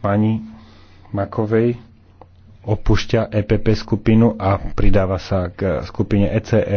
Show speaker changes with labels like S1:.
S1: pani Makovej opúšťa EPP skupinu a pridáva sa k skupine ECR.